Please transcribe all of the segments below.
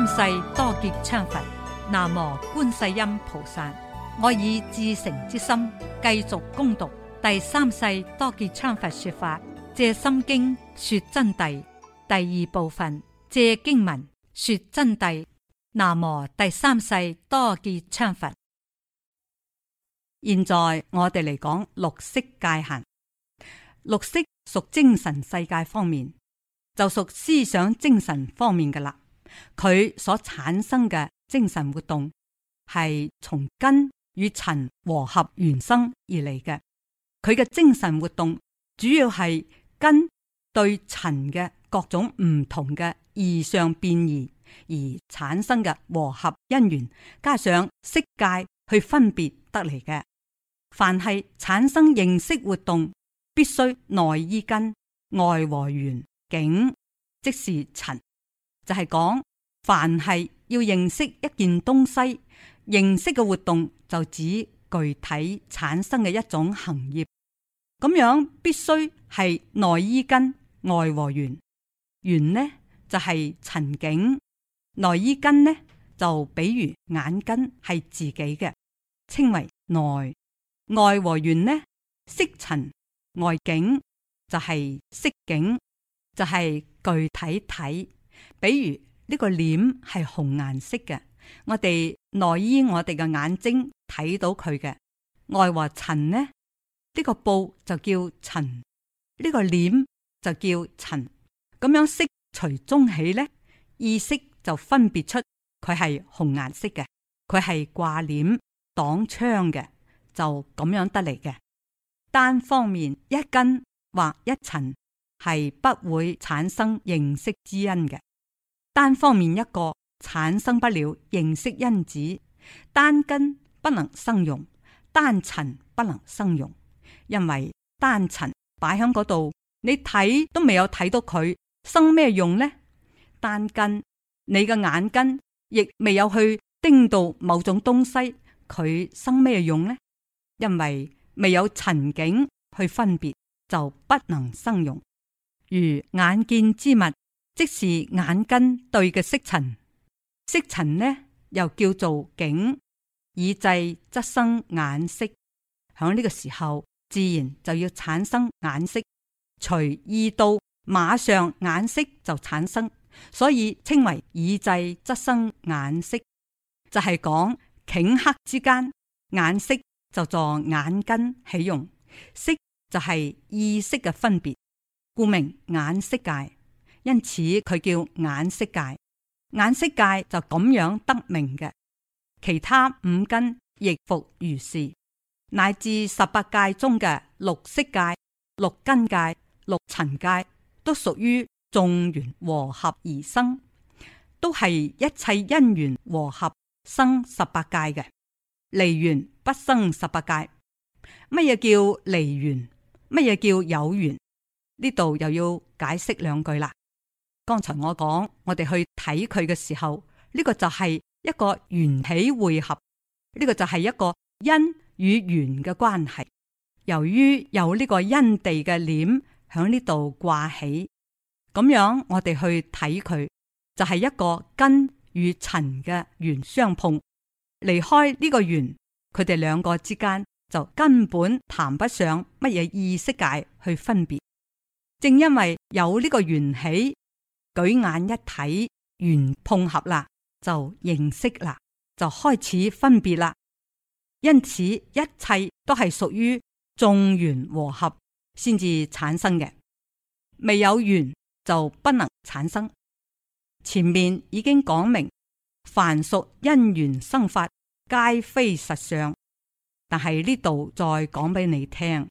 三世多杰羌佛，南無觀世音菩薩。我以至誠之心，繼續攻讀第三世多杰羌佛說法《藉心經》說真諦第二部分《藉經文說真諦》，南無第三世多杰羌佛。現在我哋嚟講綠色界限。綠色屬精神世界方面，就屬思想精神方面㗎喇。佢所產生嘅精神活動係從根與塵和合緣生而嚟嘅，佢嘅精神活動主要係根對塵嘅各種唔同嘅異相變異而產生嘅和合因緣，加上色界去分別得嚟嘅。凡係產生認識活動，必須內依根外和緣境，即是塵。就係講，凡係要認識一件東西，認識嘅活動就指具體產生嘅一種行為。咁樣必須係內依根外和緣，緣呢就係、是、塵境，內依根呢就比如眼根係自己嘅，稱為內。外和緣呢，色塵，外境就係色境，就係、是、具體睇。比如呢、這個簾係紅顏色嘅，我哋內衣、我哋嘅眼睛睇到佢嘅外和塵呢？呢、這個布就叫塵，呢、這個簾就叫塵，咁樣色隨中起呢，意識就分別出佢係紅顏色嘅，佢係掛簾擋窗嘅，就咁樣得嚟嘅。單方面一根或一塵係不會產生認識之因嘅。單方面一個產生不了認識因子，單根不能生用，單塵不能生用，因為單塵擺喺嗰度，你睇都未有睇到佢生咩用呢？單根，你嘅眼根亦未有去盯到某種東西，佢生咩用呢？因為未有塵境去分別，就不能生用。如眼見之物。即是眼根對嘅色塵，色塵呢又叫做境，以制則生眼識。響呢個時候，自然就要產生眼識，隨意到馬上眼識就產生，所以稱為以制則生眼識，就係講頃刻之間眼識就助眼根起用，識就係意識嘅分別，故名眼識界。因此佢叫眼色界，眼色界就咁樣得名嘅。其他五根亦復如是，乃至十八界中嘅六色界、六根界、六塵界，都屬於眾緣和合而生，都係一切因緣和合生十八界嘅，離緣不生十八界。乜嘢叫離緣？乜嘢叫有緣？呢度又要解釋兩句啦。剛才我講，我哋去睇佢嘅時候，呢個就係一個緣起會合，呢個就係一個因與緣嘅關係。由於有呢個因地嘅念喺呢度掛起，咁樣我哋去睇佢，就係一個根與塵嘅緣相碰。離開呢個緣，佢哋兩個之間就根本談不上乜嘢意識界去分別。正因為有呢個緣起。舉眼一睇，緣碰合啦，就認識啦，就開始分別啦。因此，一切都係屬於眾緣和合先至產生嘅，未有緣就不能產生。前面已經講明，凡屬因緣生法，皆非實相。但係呢度再講俾你聽，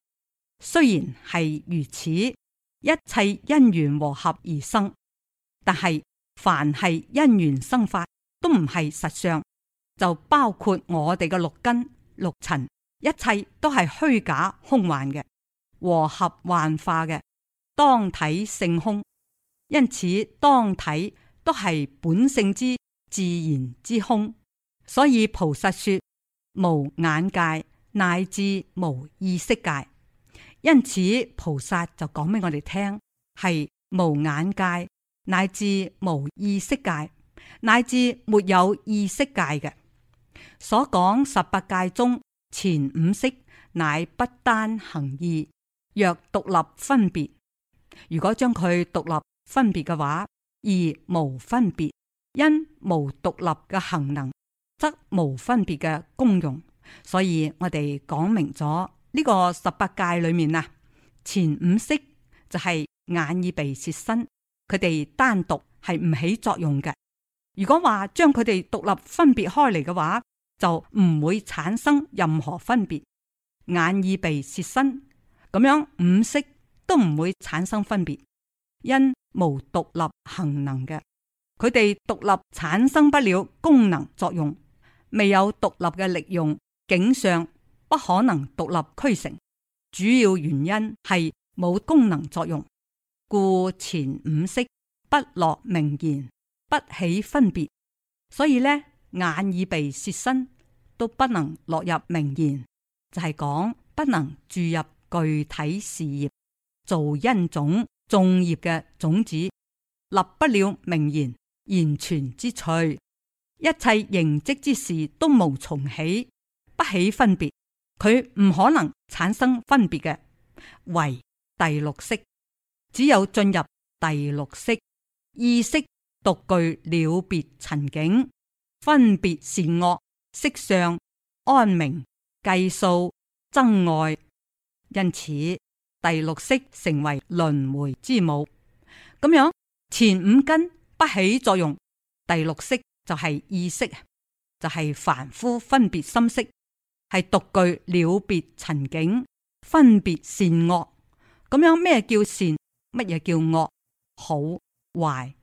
雖然係如此，一切因緣和合而生。但係，凡係因緣生法，都唔係實相，就包括我哋嘅六根、六塵，一切都係虛假空幻嘅和合幻化嘅，當體性空。因此，當體都係本性之自然之空。所以菩薩說無眼界，乃至無意識界。因此菩薩就講俾我哋聽係無眼界。乃至無意識界，乃至沒有意識界嘅，所講十八界中前五色，乃不單行意，若獨立分別。如果將佢獨立分別嘅話，而無分別，因無獨立嘅行能，則無分別嘅功用。所以我哋講明咗呢、這個十八界裏面啊，前五色就係眼耳鼻舌身。佢哋單獨係唔起作用嘅。如果話將佢哋獨立分別開嚟嘅話，就唔會產生任何分別。眼耳鼻舌身咁樣五色都唔會產生分別，因無獨立行能嘅，佢哋獨立產生不了功能作用，未有獨立嘅利用景相不可能獨立驅成。主要原因係冇功能作用。故前五色不落名言，不起分別，所以呢眼耳鼻舌身都不能落入名言，就係、是、講不能注入具體事業做因種種業嘅種子，立不了名言言詮之趣，一切形迹之事都無從起，不起分別，佢唔可能產生分別嘅，為第六識。只有進入第六識，意識，獨據了別塵境，分別善惡，識相、安明、計數、憎愛，因此第六識成為輪迴之母。咁樣前五根不起作用，第六識就係意識，就係、是、凡夫分別心識，係獨據了別塵境，分別善惡。咁樣咩叫善？乜嘢叫惡、好、壞？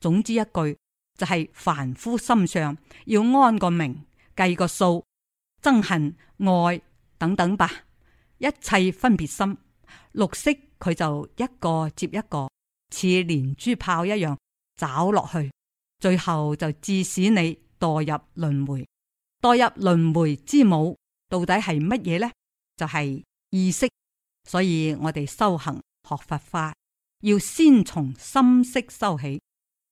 總之一句就係、是、凡夫心上要安個名、計個數、憎恨、愛等等吧。一切分別心，六識佢就一個接一個，似連珠炮一樣找落去，最後就致使你墮入輪回，墮入輪回之母到底係乜嘢呢？就係、是、意識。所以我哋修行學佛法。要先從心識收起，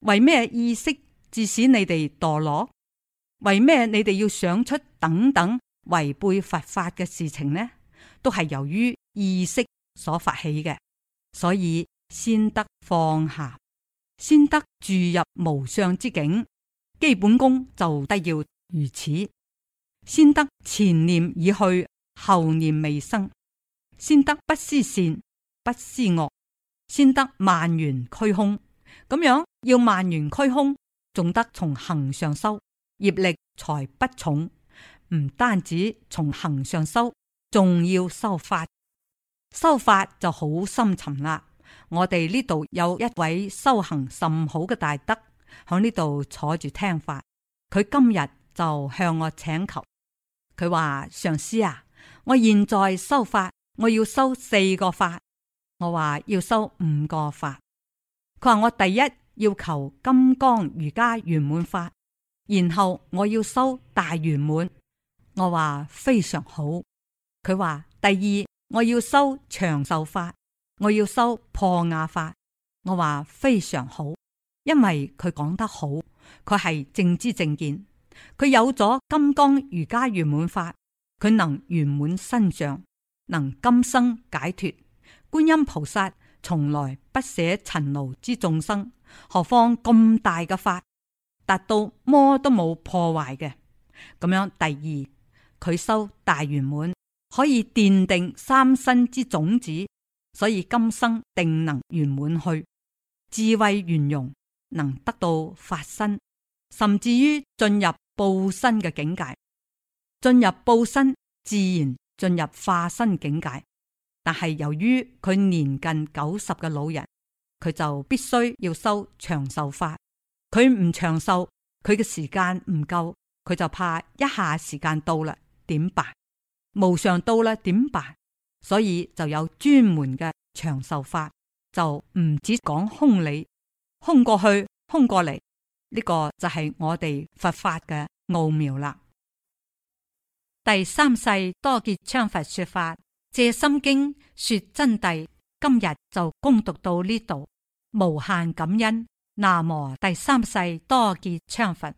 為咩意識致使你哋墮落？為咩你哋要想出等等違背佛法嘅事情呢？都係由於意識所發起嘅，所以先得放下，先得注入無上之境。基本功就得要如此，先得前念已去，後念未生，先得不思善，不思惡。先得萬元驅空，咁樣，要萬元驅空，仲得從行上修，業力才不重。唔單止從行上修，仲要修法。修法就好深沉啦。我哋呢度有一位修行甚好嘅大德喺呢度坐住聽法，佢今日就向我請求，佢話：上司啊，我現在修法，我要修四個法。我話要修五個法，佢話我第一要求金剛瑜伽圓滿法，然後我要修大圓滿。我話非常好，佢話第二我要修長壽法，我要修破瓦法。我話非常好，因為佢講得好，佢係正知正見，佢有咗金剛瑜伽圓滿法，佢能圓滿身上，能今生解脱。觀音菩薩從來不捨塵勞之眾生，何況咁大嘅法，達到魔都冇破壞嘅。咁樣第二，佢修大圓滿，可以奠定三身之種子，所以今生定能圓滿去智慧圓融，能得到法身，甚至於進入報身嘅境界，進入報身，自然進入化身境界。但係由於佢年近九十嘅老人，佢就必須要修長壽法。佢唔長壽，佢嘅時間唔夠，佢就怕一下時間到啦，點辦？無常到啦，點辦？所以就有專門嘅長壽法，就唔止講空理，空過去，空過嚟，呢個就係我哋佛法嘅奧妙啦。第三世多杰羌佛說法。藉心經說真諦，今日就恭讀到呢度，無限感恩。南無第三世多杰羌佛。